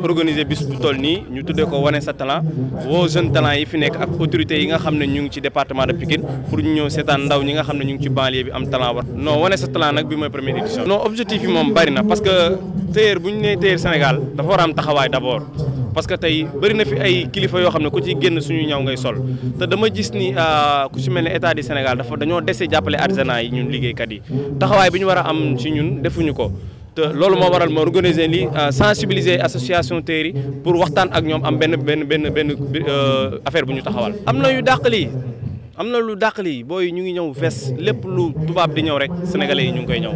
organiser bis bu toll nii ñu tuddee ko wane sa talent woo jeune talent yi fi nekk ak autorités yi nga xam ne ñu ngi ci département de Pikine pour ñu ñëw seetaan ndaw ñi nga xam ne ñu ngi ci banlieue bi am talent war non wane sa talent nag bi mooy première édition non objectif yi moom bari parce que téyeer bu ñu nee téyeer Sénégal dafa war a am taxawaay d'abord parce que tey bëri na fi ay kilifa yoo xam ne ku ci génn suñu ñaw ngay sol te dama gis ni euh, ku ci mel ne état du Sénégal dafa dañoo dese jàppale artisanat yi ñun liggéeykat yi taxawaay bi ñu war a am ci ñun ko lolu mo moo waral organisé organiser lii euh, sensibiliser association terri pour waxtaan ak ñom am ben ben ben benn euh, affaire buñu taxawal. amna yu dàq lii am lu dàq lii booy ñu ngi ñew fess lepp lu tubab di ñew rek sénégalais ñu ngi koy ñëw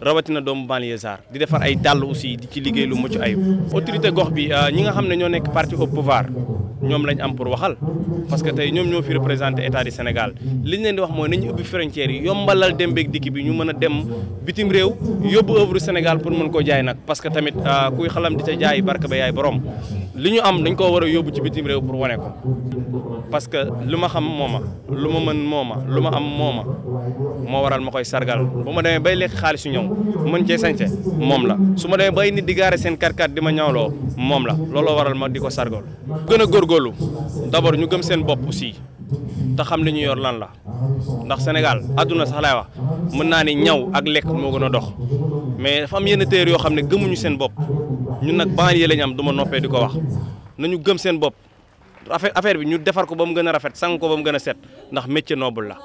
rawatina doomu banlieusard di defar ay dal aussi di ci liggéey lu mucc ayib. autorité gox bi euh, ñi nga xam ño nek parti au pouvoir. ñoom lañ am pour waxal parce que tey ñoom ñoo fi représenté état du Sénégal liñ leen di wax mooy nañu ubbi frontières yi yombalal dem beeg dikki bi ñu mën a dem bitim réew yóbbu œuvre Sénégal pour mën koo jaay nag parce que tamit euh, kuy xalam di ca jaay barke ba yaay borom li ñu am dañ koo war a yóbbu ci bitim réew pour wane ko parce que lu ma xam moo ma lu ma mën moo ma lu ma am moo ma moo waral ma koy sargal bu ma demee bay lekk xaalis yu ñëw mën cee sañse moom la su ma demee bay nit di gaare seen karkat di ma ñawloo moom la looloo waral ma di ko sargal góorgóorlu d'abord ñu gëm seen bopp aussi te xam li ñu yor lan la ndax Sénégal àdduna sax laay wax mën naa ni ñaw ak lekk moo gën a dox mais fam am yenn yoo xam ne gëmuñu seen bopp ñu nag banlieue lañ am du ma noppee di ko wax nañu gëm seen bopp affaire bi ñu defar ko ba mu gën a rafet sang ko ba mu gën a set ndax métier noble la